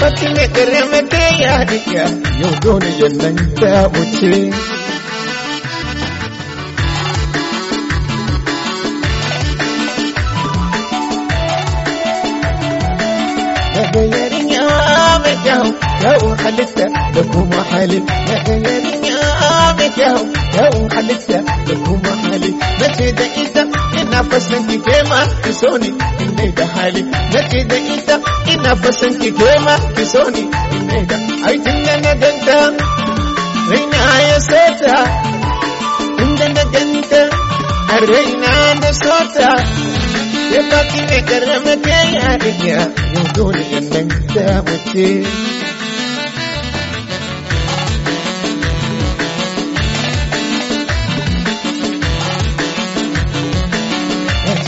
Fati me kare mata ya haɗiya yau yeah, nan ta wuce. Daga yarinya mai kyau yawon halitta da kuma halin. Daga yarinya mai kyau yawon halitta da ina fasan ki ke ma ki so ni ne da hali na ce da ita ina fasan ki ke ma ki so ni ne da ai tun da na ganta raina ya sota tun da na ganta a raina da sota ya ki ne karama ta yarinya yau dole in nan da mace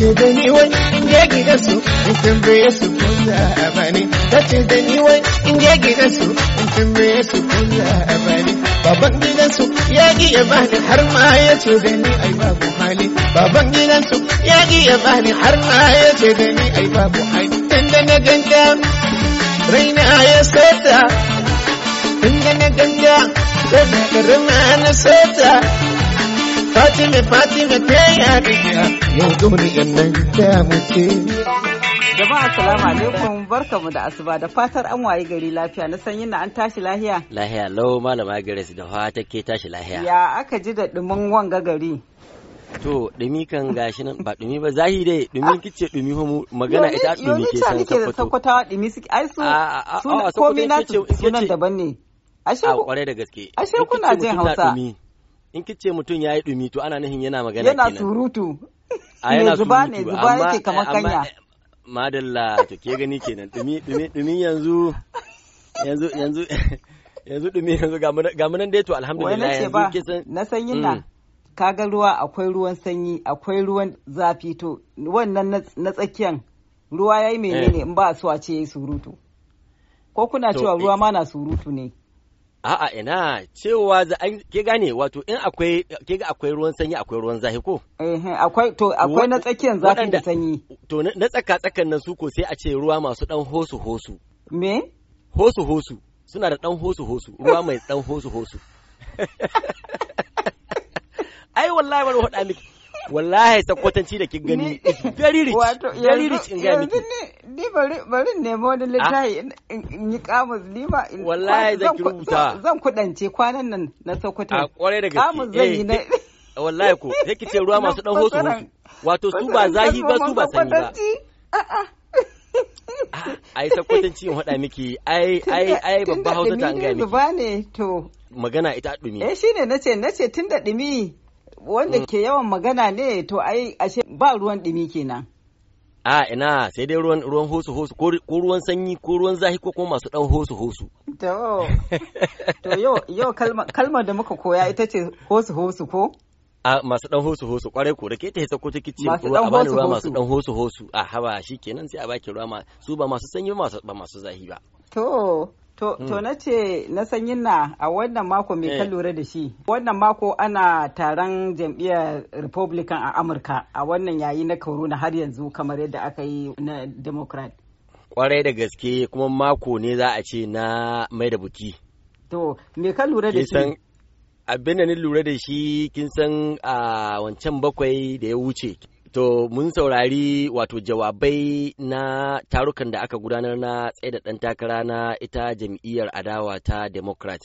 ce da ni wai in je gidan su in tambaye su ko za a bani ta ce da ni wai in je gidan su in tambaye su ko za a bani baban gidan su ya ki ya bani har ma ya ce da ni ai babu hali baban gidan su ya ki ya bani har ma ya ce da ni ai babu hali tunda na ganga raina ya sota tunda na ganga da na karama na sota Fatima Fatima ta yi yarinya yau duniyar nan ta muke. Jama'a salamu alaikum mu da asuba da fatar an wayi gari lafiya na san na an tashi lahiya. Lahiya lau malama Grace da fata ke tashi lahiya. Ya aka ji da dumin wanga gari. To ɗumi kan gashi nan ba ɗumi ba zahi dai dumi kice dumi homo magana ita ɗumi ke san sakwato. Yau sakwatawa ɗumi suke ai su komai na sunan daban ne. Ashe ku ashe kuna jin Hausa. in kice mutum ya yi dumi to ana nihin yana magana yana surutu a yana zuba ne zuba yake kamar kanya madalla to ke gani kenan dumi dumi dumi yanzu yanzu yanzu yanzu dumi yanzu ga mun nan dai to alhamdulillah yanzu san na sanyin mm. na kaga ruwa akwai ruwan sanyi akwai ruwan zafi to wannan na tsakiyan ruwa yayi menene eh. in ba su a ce surutu ko kuna cewa eh. ruwa ma na surutu ne A'a ina cewa za ke gane wato in akwai ke ga akwai ruwan sanyi akwai ruwan zafi ko? akwai to akwai na tsakiyar zafi da sanyi. To na tsaka tsakan nan su ko sai a ce ruwa masu dan hosu hosu. Me? Hosu hosu suna da dan hosu hosu ruwa mai dan hosu hosu. Ai wallahi bari hoda miki. wallahi sakwatanci da kin gani very rich very rich in gani ni bari bari nemo wani ah. littafi in yi kamus ni ba wallahi zan rubuta zan kudance kwanan nan na sokoto a kware da gaske kamus zan yi eh, na wallahi ko sai ki ce ruwa masu dan hosu hosu wato su ba zahi ba su ba sani ba ah, ai sakwatanci in hada miki ai ai ai babba hausa ta an gaya miki magana ita dumi eh shine nace nace tun da dumi wanda mm. ke yawan magana ne to ai ashe ba ruwan ɗumi kenan. a ina sai dai ruwan ruwan hosu hosu ko ruwan sanyi ko ruwan zahi ko kuma masu dan hosu hosu to to yau yo kalma kalma da muka koya ita ce hosu hosu ko a masu dan hosu hosu kwarai ko da ke ta hisa ko take ci ruwa a bani ruwa masu dan hosu hosu a haba shikenan sai a baki ruwa su ba masu sanyi ba masu zahi ba to Hmm. To, na ce na san yinna a wannan mako mai kan eh. lura da shi. Wannan mako ana taron jam'iyyar Republican a Amurka a wannan yayi na corona har yanzu kamar yadda aka yi na Democrat. Kwarai da gaske kuma mako ne za a ce na mai da buki. To, me kan lura da shi? Abin da ni lura da shi kin san a ah, wancan bakwai da ya wuce To mun saurari wato jawabai na tarukan da aka gudanar na tsaida ɗan takara na ita jam'iyyar adawa ta Democrat.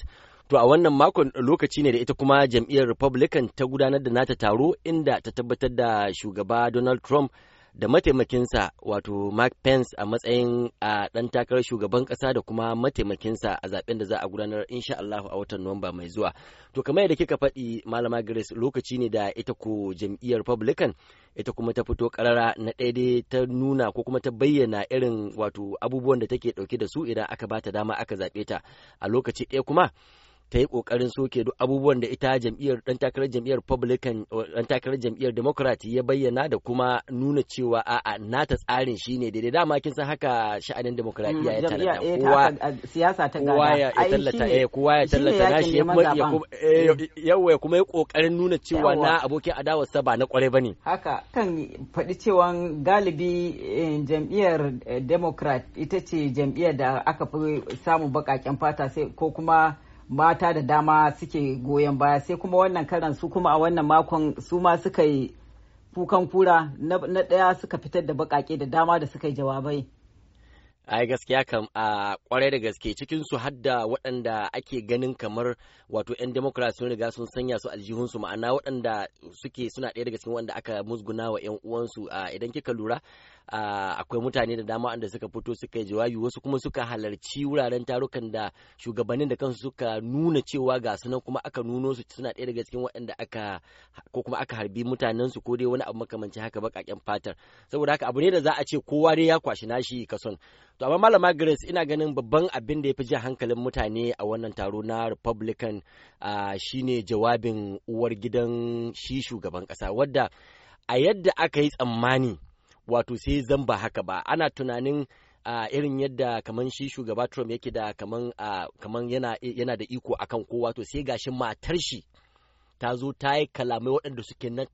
To a wannan makon lokaci ne da ita kuma jam'iyyar Republican ta gudanar da nata taro inda ta tabbatar da shugaba Donald Trump da mataimakinsa wato Mark Pence a matsayin a ɗan takarar shugaban ƙasa da kuma mataimakinsa a zaben da za a gudanar insha Allah a watan Nuwamba mai zuwa. To kamar yadda kika faɗi Malama Grace lokaci ne da ita ko jam'iyyar Republican ita kuma ta fito karara na ɗaya ta nuna ko kuma ta bayyana irin wato abubuwan da take ɗauke da su idan aka bata dama aka zaɓe ta a lokaci ɗaya kuma ta yi kokarin soke duk abubuwan da ita jam'iyyar dan takarar jam'iyyar Republican dan takarar jam'iyyar Democrat ya bayyana da kuma nuna cewa a'a nata tsarin shine daidai dama kin san haka sha'anin demokradiya ya tallata mm, eh, kowa siyasa ta kowa ya tallata eh kowa ya tallata nashi ya kuma yawa eh, ya kuma yi kokarin nuna cewa na abokin adawar sa ba na kware bane haka kan faɗi cewa galibi eh, jam'iyyar Democrat ita ce jam'iyyar da aka fi samu baƙaƙen fata sai ko kuma mata da dama suke goyon baya sai kuma wannan karan su kuma a wannan makon su ma suka yi kukan kura na ɗaya suka fitar da bakake da dama da suka yi jawabai. ai gaskiya kam a kwarai da gaske cikin su hadda waɗanda ake ganin kamar wato 'yan demokrasi sun riga sun sanya su aljihunsu ma'ana waɗanda suke suna ɗaya daga cikin waɗanda aka musguna wa 'yan uwansu idan kika lura akwai mutane da dama wanda suka fito suka yi jawabi wasu kuma suka halarci wuraren tarukan da shugabannin da kansu suka nuna cewa ga nan kuma aka nuno su suna ɗaya daga cikin waɗanda aka ko kuma aka harbi mutanen su ko dai wani abu makamancin haka baƙaƙen fatar saboda haka abu ne da za a ce kowa dai ya kwashi nashi ka son to amma malama Grace ina ganin babban abin da ya fi jan hankalin mutane a wannan taro na Republican shine jawabin uwar gidan shi shugaban kasa wadda a yadda aka yi tsammani wato sai zan ba haka ba ana tunanin a irin yadda kaman shi shugaba Trump yake da kaman kaman yana yana da iko akan kowa to sai gashin matar shi ta zo ta yi kalamai waɗanda suke nan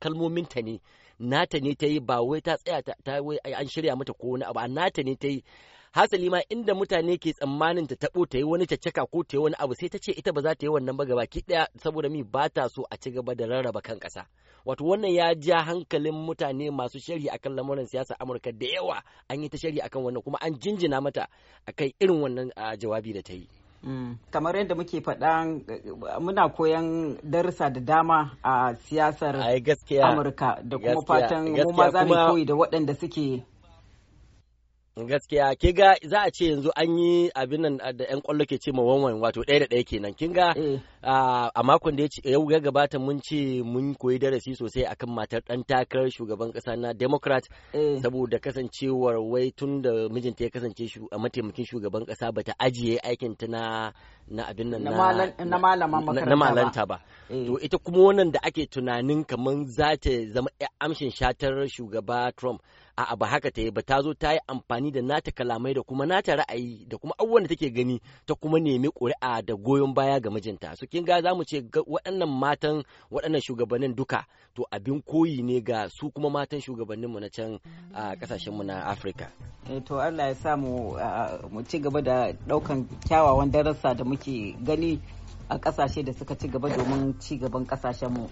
kalmomin ta ne nata ne ta yi ba wai ta tsaya ta wai an shirya mata ko wani abu nata ne ta yi hasali ma inda mutane ke tsammanin ta tabo ta yi wani cacaka ko ta yi wani abu sai ta ce ita ba za ta yi wannan ba gabaki daya saboda mi ba ta so a ci gaba da rarraba kan kasa wato wannan ya ja hankalin mutane masu shari'a akan lamuran siyasa Amurka da yawa an yi ta shari'a akan wannan kuma an jinjina mata akai irin wannan jawabi da ta yi mm. kamar yadda muke faɗa muna koyan darussa da dama a siyasar amurka da kuma fatan mu ma za mu koyi da waɗanda suke gaskiya ke ga za a ce yanzu an yi abin nan da yan kwallo ke ce ma wanwan wato ɗaya da ɗaya kenan kin ga eh. a makon da ya ya gabata mun ce mun koyi darasi sosai akan matar ɗan takarar shugaban ƙasa na democrat eh. saboda kasancewar wai tun da mijinta ya kasance a mataimakin shugaban ƙasa ta ajiye aikin ta na na abin nan na malanta ba eh. to ita kuma wannan da ake tunanin kamar za ta zama amshin shatar shugaba trump a'a ba haka ta yi ba ta zo ta yi amfani da nata kalamai da kuma nata ra'ayi da kuma abubuwan da take gani ta kuma nemi ƙuri'a da goyon baya ga mijinta su kin ga zamu ce waɗannan matan waɗannan shugabannin duka to abin koyi ne ga su kuma matan shugabannin mu na can a kasashen mu na Afirka eh to Allah ya sa mu mu ci gaba da ɗaukan kyawawan darasa da muke gani a kasashe da suka ci gaba domin ci gaban kasashen mu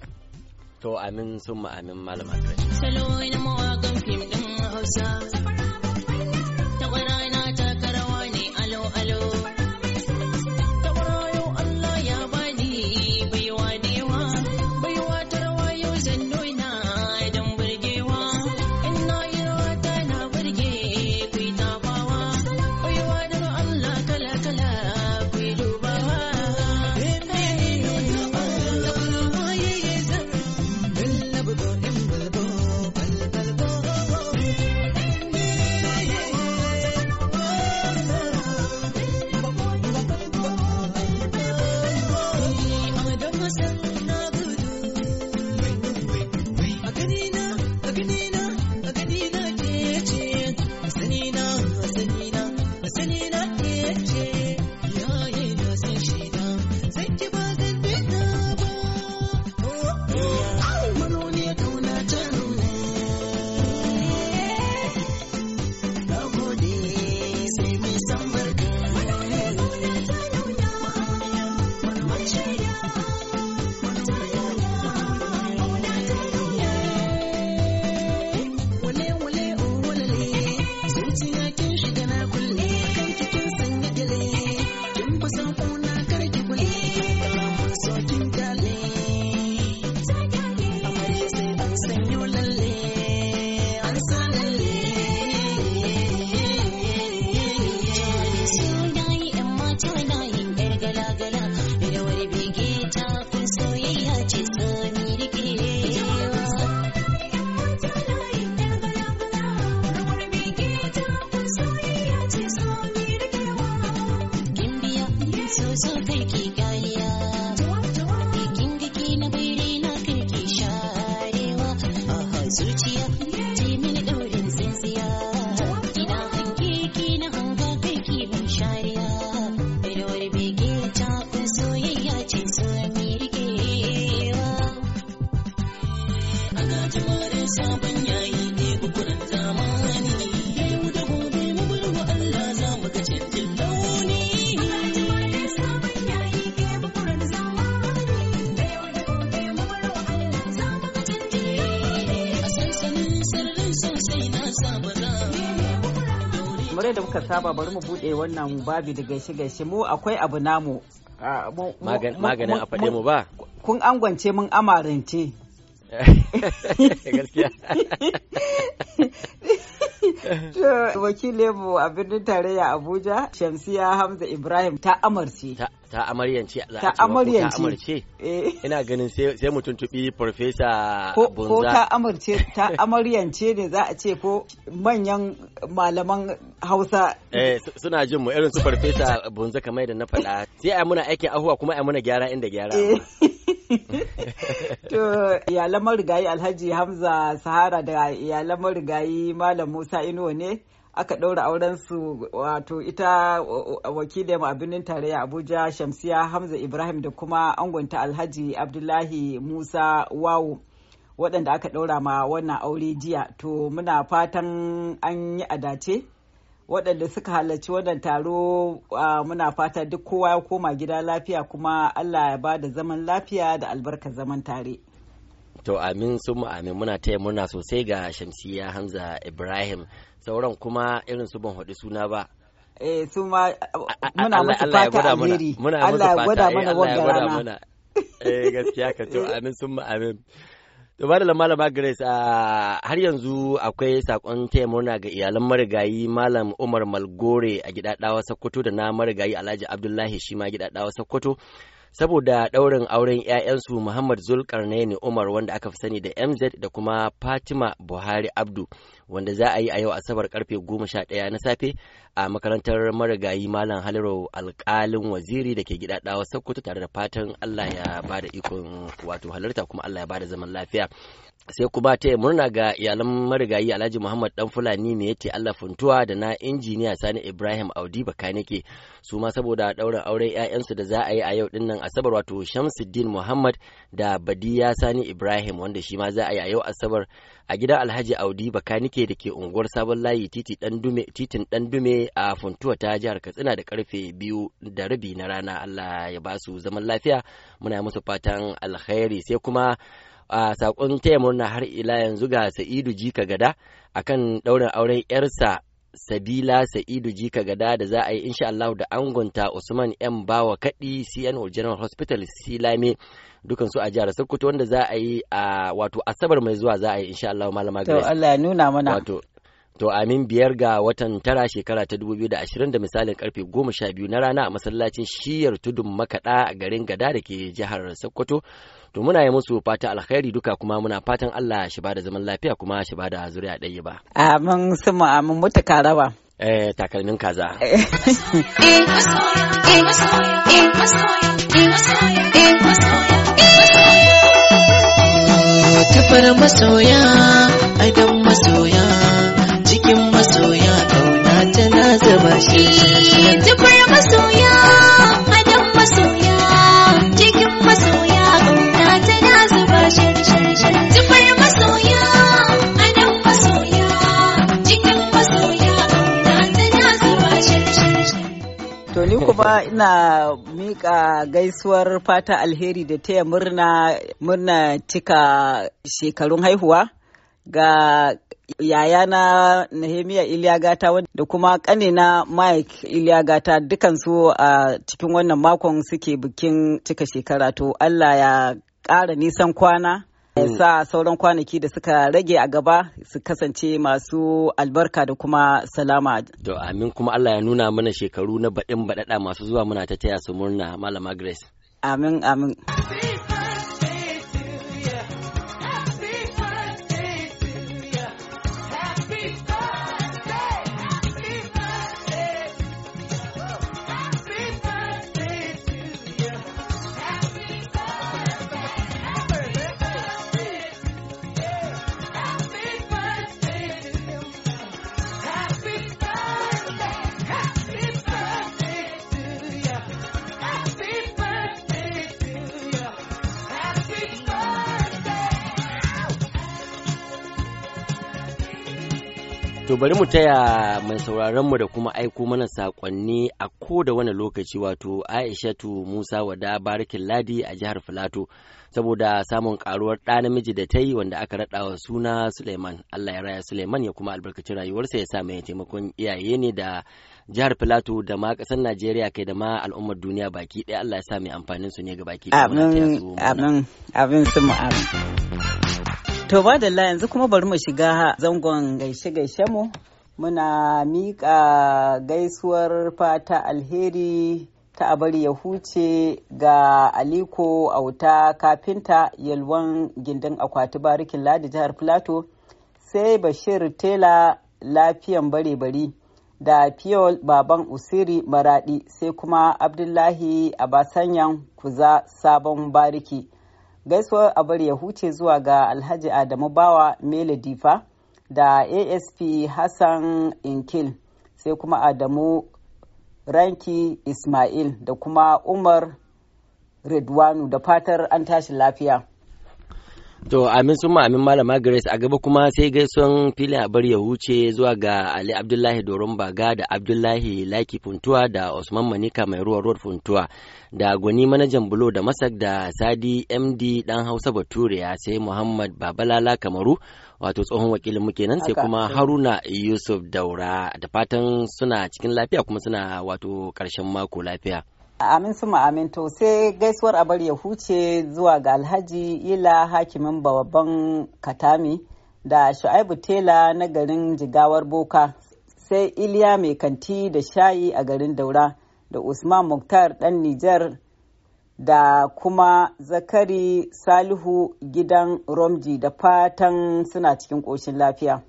to amin sun amin malama Salo mawa fim causa. kamar yadda muka saba bari mu bude wannan babi da gaishe gaishe mu akwai abu namu ah, maganin a faɗe mu ba kun angwance mun amarance gaskiya wakilinmu a birnin tarayya Abuja Shamsiya Hamza Ibrahim ta amarce. ta amaryance za a ta amarce eh. ina ganin sai mu tuntubi farfesa bunza ko ta amarce ta amaryance ne za a ce ko manyan malaman hausa eh suna jin mu irin su farfesa bunza kamar da na faɗa sai a muna aikin ahuwa kuma a muna gyara inda gyara eh. to iyalan marigayi alhaji hamza sahara da iyalan marigayi malam musa inuwa ne aka ɗaura aurensu wato ita wakilin a birnin tarayya abuja shamsiya hamza ibrahim da kuma angonta alhaji abdullahi musa wawu waɗanda aka ɗaura ma wannan aure jiya to muna fatan an yi adace waɗanda suka halarci wannan taro muna fata duk kowa ya koma gida lafiya kuma Allah ya ba da zaman lafiya da albarka zaman tare. To amin sun amin muna taya murna sosai ga Shamsiya Hamza Ibrahim sauran kuma irin su ban haɗu suna ba. Eh su ma muna musu fata alheri. Allah ya gwada eh, mana wanga rana. Eh gaskiya ka to amin sun amin. To ba da malama Grace a har yanzu akwai sakon taya murna ga iyalan marigayi Malam Umar Malgore a ɗawa Sokoto da na marigayi Alhaji Abdullahi shi ma ɗawa Sokoto. saboda daurin auren 'ya'yansu Muhammad Zulkarnaini Umar wanda aka fi sani da MZ da kuma Fatima Buhari Abdu wanda za a yi a yau Asabar karfe 11 na safe a makarantar marigayi Malam Haliro alkalin waziri da ke gidadawa Sokoto tare da fatan Allah ya bada ikon wato halarta kuma Allah ya bada zaman lafiya. sai kuma ta murna ga iyalan marigayi alhaji muhammad dan fulani ya yace allah funtuwa da na injiniya sani ibrahim audi bakanike su ma saboda ɗaurin auren 'ya'yansu da za a yi a yau dinnan asabar wato shamsuddin muhammad da badiya sani ibrahim wanda shi ma za a yi a yau asabar a gidan alhaji audi bakanike da ke unguwar sabon layi titin dan dume a funtuwa ta jihar katsina da karfe biyu da rabi na rana allah ya ba su zaman lafiya muna musu fatan alkhairi sai kuma a sakon taya murna har ila yanzu ga sa'idu jika gada akan ɗaurin auren yarsa sabila sa'idu jika gada da za a yi insha Allah da angonta usman yan bawa kaɗi cn general hospital silame dukan su a jihar sokoto wanda za a yi a wato asabar mai zuwa za a yi insha Allah malama to Allah nuna mana wato to amin biyar ga watan tara shekara ta 2020 da misalin karfe goma sha biyu na rana a masallacin shiyar tudun makaɗa a garin gada da ke jihar sokoto to muna yi musu fata alkhairi duka kuma muna fatan allah shi ba da zaman lafiya kuma shi ba da zuriya ɗaya ba amin sumu amin mutu karawa eh takalmin kaza eh, Tafar masoya, aidan masoya, tashi yanzu bar masoya adam masoya cikin masoya kauna tana zuba yanzu bar masoya adam masoya cikin masoya kauna tana zuba to ni kuma ina mika gaisuwar fata alheri da taya murna murna cika shekarun haihuwa ga yayana Nehemiya Gata da kuma kanina Mike Iliyagata dukansu a cikin wannan makon suke bikin cika shekara to Allah ya ƙara nisan kwana. ya mm. sa sauran kwanaki da suka rage a gaba su kasance masu albarka da kuma salama. To amin kuma Allah ya nuna mana shekaru na baɗin baɗaɗa masu zuwa muna ta taya su murna Malama Grace. Amin amin. wato bari mu taya mai mu da kuma aiko mana sakonni a ko da wani lokaci wato Aishatu Musa wada barikin ladi a jihar Filato saboda samun karuwar ɗa namiji da ta yi wanda aka raɗa wa suna Suleiman. Allah ya raya Suleiman ya kuma albarkacin rayuwarsa ya sa mai taimakon iyaye ne da jihar Filato da ma ƙasar Najeriya kai da ma al'ummar duniya baki ɗaya Allah ya sa mai amfanin su ne ga baki. ɗaya abin abin su mu To ba da yanzu kuma bari mu shiga zangon gaishe-gaishe mu. Muna miƙa gaisuwar fata alheri ta abari ya huce ga Aliko Auta kafinta yalwan gindin akwati barikin ladi jihar Filato sai Bashir Tela lafiyan bare-bari da Fiyol Baban Usiri Maradi sai kuma Abdullahi a Abasanyan Kuza Sabon Bariki. gaisuwar a bari ya huce zuwa ga alhaji adamu bawa mele difa da asp hassan inkil sai kuma adamu ranki ismail da kuma umar redwanu da fatar an tashi lafiya To amin sun ma amin malama Grace a gaba kuma sai gaison filin a bar ya huce zuwa ga Ali Abdullahi Doron Baga da Abdullahi Laki Funtuwa da Usman Manika mai ruwa ruwar Funtuwa da Gwani manajan Bulo da Masak da Sadi MD dan Hausa ya sai Muhammad Babalala Kamaru wato tsohon wakilin mu kenan sai kuma Haruna Yusuf Daura da fatan suna cikin lafiya kuma suna wato karshen mako lafiya. Amin su amin to sai gaisuwar a bar ya huce zuwa ga Alhaji Ila hakimin babban Katami da Shu'aibu Tela na garin Jigawar Boka sai Iliya mai kanti da shayi a garin Daura da Usman mukhtar ɗan Nijar da kuma Zakari Salihu gidan Romji da fatan suna cikin ƙoshin lafiya.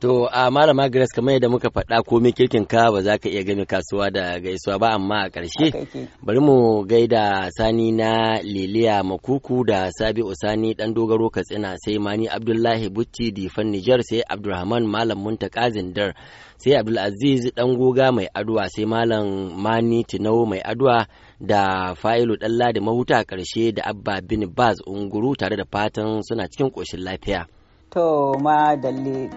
To a malama Grace kamar yadda muka faɗa komai kirkin ka ba za ka iya gani kasuwa da gaisuwa ba amma a ƙarshe bari mu gaida sani na Liliya Makuku da Sabi Usani ɗan dogaro Katsina sai Mani Abdullahi Bucci Difan Nijar sai Abdulrahman Malam Muntaka Dar, sai Abdulaziz ɗan goga mai aduwa sai Malam Mani Tinau mai aduwa da fa'ilu ɗan Ladi mahuta a ƙarshe da Abba bin Baz Unguru tare da fatan suna cikin ƙoshin lafiya. To ma dalle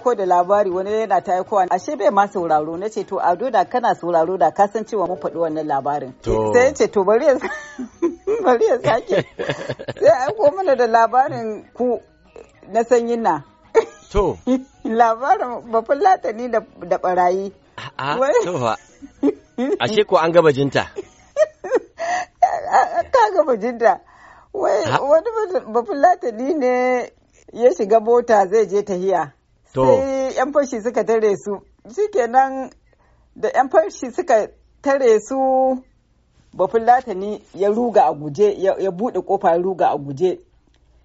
aiko da labari wani yana ta a ashe bai ma sauraro na ce to ado da kana sauraro da ka san cewa mun faɗi wannan labarin sai ya ce to bari ya bari ya sake sai aiko mana da labarin ku na sanyin na to labarin bafin latani da barayi a'a ashe ko an gaba jinta ka gaba jinta wani bafin latani ne ya shiga mota zai je tahiya to yan fashi suka tare su shikenan da yan fashi suka tare su bafin latani ya ruga a guje ya buɗe kofa ruga a guje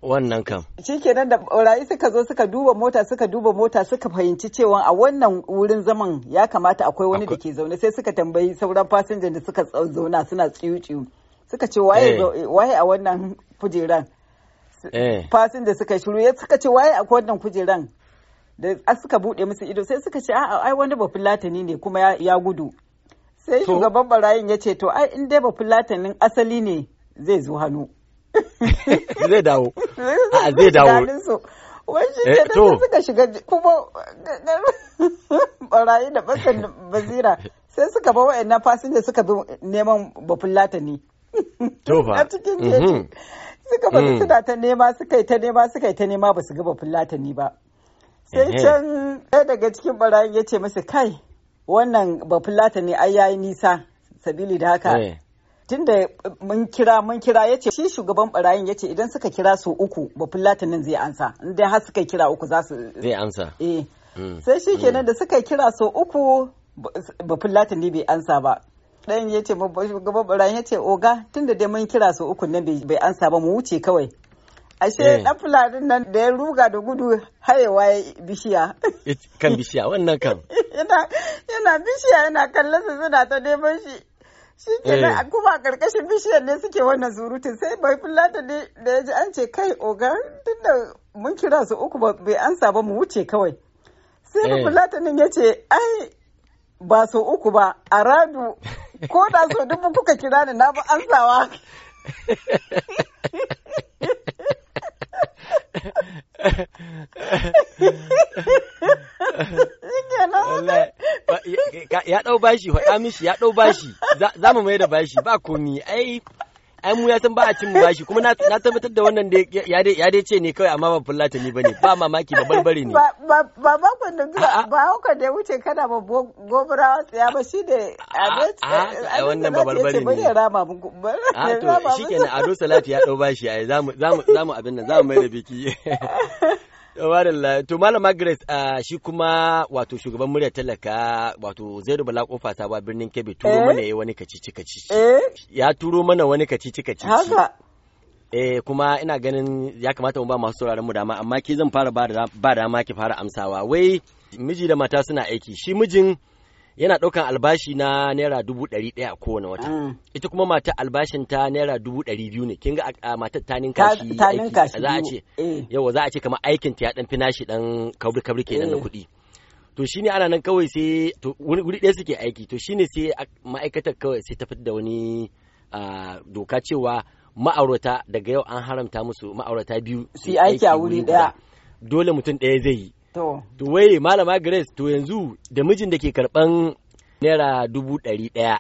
wannan kam shikenan da rayu suka zo suka duba mota suka duba mota suka fahimci cewa a wannan wurin zaman ya kamata akwai wani da ke zaune sai suka tambayi sauran fasinjan da suka zauna suna tsiyu-tsiyu suka ce waye eh. a wannan kujeran eh. fasinja suka shiru ya suka ce waye a wannan kujeran da suka bude musu ido sai suka ce a'a ai wani ba fulatani ne kuma ya gudu sai shugaban barayin ya ce to ai in dai ba fulatanin asali ne zai zo hannu zai dawo a zai dawo wani shi eh, ke da suka shiga kuma barayi da basan bazira sai suka ba wa'annan fasinja suka bi neman bafullata ne a cikin jeji mhm. suka ba mm. suna ta nema suka yi ta nema suka yi ta nema ba su ga bafullata latani ba sai can ɗaya daga cikin barayin ya ce masa kai wannan bafulata ne ai yayi nisa sabili da haka eh. tunda mun kira mun kira ya ce shi shugaban barayin ya ce idan suka kira su uku bafulata nan zai ansa in dai har suka kira uku za su zai ansa eh mm. sai shi kenan mm. da suka kira su uku bafulata ne bai ansa ba ɗayan ya ce shugaban barayin ya ce oga tunda dai mun kira su uku nan bai ansa ba mu wuce kawai ashe dan eh. fulani nan da ya ruga da gudu hayewa ya bishiya kan bishiya wannan kan yana bishiya yana kallon su suna ta neman shi shi eh. ke kuma a karkashin bishiyar ne suke wannan surutun sai bai fulata ne da ya ji an ce kai ogan tunda mun kira su uku bai ansa ba mu wuce kawai sai eh. fulata ne ya ce ai ba su uku ba a radu ko da so dubu kuka kira ni na bi ansawa ya ɗau bashi, faɗa mishi ya ɗau bashi, za mu mai da bashi, ba komi, ai ai mu ya san ba a cin mu bashi kuma na tabbatar da wannan da ya dai ce ne kawai amma ba fullata ni bane ba mamaki ba barbare ne ba ba ba da ba haka da wuce kana ba gobara ya ba shi da a wannan ba barbare ne ba rama a to shikenan ado salati ya dau bashi ai zamu zamu zamu abin nan zamu mai da biki Eh, to malama Margaret ah, shi kuma wato shugaban murya talaka wato zaidu bala kofa sabuwa birnin kebe turo eh? mana yi wani kacici kacici eh? ya turo mana wani kacici kacici haka eh kuma ina ganin ya kamata mu ba masu sauraron mu dama amma ki zan fara ba dama ki fara amsawa wai miji da mata suna aiki shi mijin yana ɗaukan albashi na naira dubu ɗari ɗaya a kowane wata mm. ita kuma mata albashin ta naira dubu ɗari biyu ne kinga a matar ta kashi aiki za a ce eh. yawa za a ce kamar aikin ta ya ɗan fi nashi ɗan kabri kabri kenan na eh. kuɗi to shi ne ana nan kawai sai to wuri ɗaya suke aiki to shi ne sai ma'aikatar kawai sai ta da wani doka cewa ma'aurata daga yau an haramta musu ma'aurata biyu su aiki a wuri ɗaya dole mutum ɗaya zai yi To. wai malama Grace to yanzu da mijin da ke karban naira dubu ɗari ɗaya.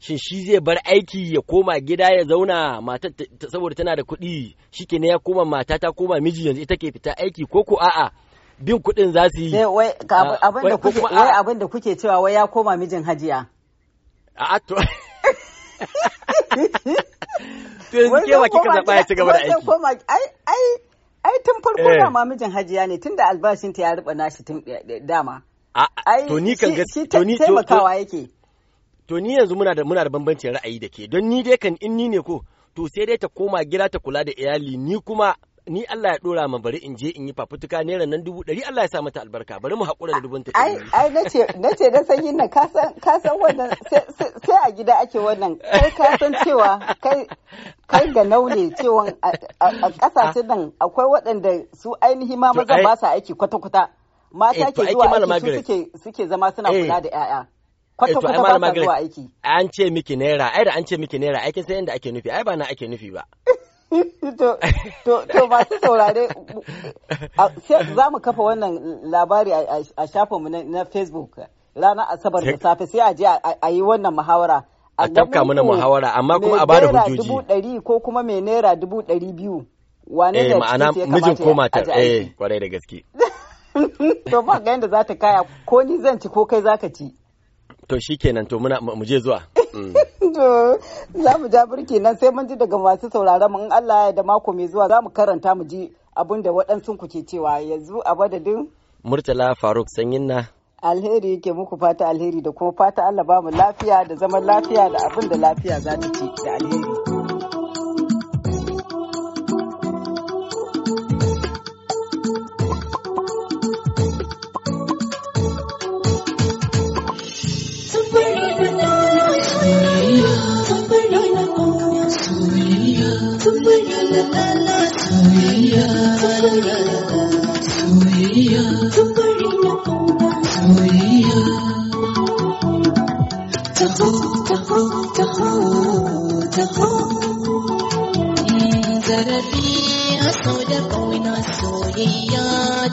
Shin shi zai bar aiki ya koma gida ya zauna matata saboda tana da kuɗi shi ke ya koma mata ta koma miji yanzu ita ke fita aiki ko ko a'a bin kuɗin za su yi. Wai abin da kuke cewa wai ya koma mijin hajiya. A'a to. To yanzu ke wa kika zaɓa ya ci gaba da aiki. Ai ai tun farko eh. dama mijin hajiya ne tunda albashin ta ya ruba nashi tun eh, eh, dama ai to ni kan gaskiya to ni yake to yanzu muna da muna da bambancin ra'ayi da ke don ni dai kan in ni ne ko to sai dai ta koma gida ta kula da iyali ni kuma ni Allah ya dora ma bari in je in yi fafutuka naira nan dubu ɗari Allah ya sa mata albarka bari mu haƙura da dubun ai ai nace nace da sanyin nan ka san ka san wannan sai a gida ake wannan kai ka san cewa kai kai ga naune cewa a ƙasashen nan akwai waɗanda su ainihi ma maza ba sa aiki kwata kwata mata eh, ke zuwa aiki suke suke zama suna eh. kula da ƴaƴa. Eh, kwata-kwata ba sa zuwa aiki. An ce miki naira, ai da an ce miki naira, aikin sai inda ake nufi, ai ba na ake nufi ba. To masu saurare za mu kafa wannan labari a shafinmu na Facebook ranar Asabar da safe sai a je a yi wannan muhawara. A tafka mana muhawara amma kuma a bada hujjoji. dubu ɗari ko kuma mai naira dubu ɗari biyu. Wane da eh, ma'ana mijin ko mata eh kwarai da gaske. To ba ga yadda za ta kaya ko ni zan ci ko kai za ka ci. to kenan to muna mu zuwa to za mu ja birki nan sai mun ji daga masu sauraron mu in Allah ya da mako mai zuwa za mu karanta mu ji abin da waɗansu ku ke cewa yanzu a madadin Murtala Faruk Sanyin na alheri yake muku fata alheri da kuma fata Allah ba mu lafiya da zaman lafiya da abin da lafiya za ta ci da alheri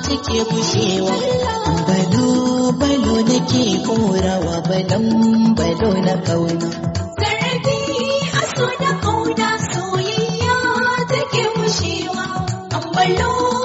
take bushewa balo balo nake korawa balon balo na kauna sarari a so da kauna soyayya take bushewa balo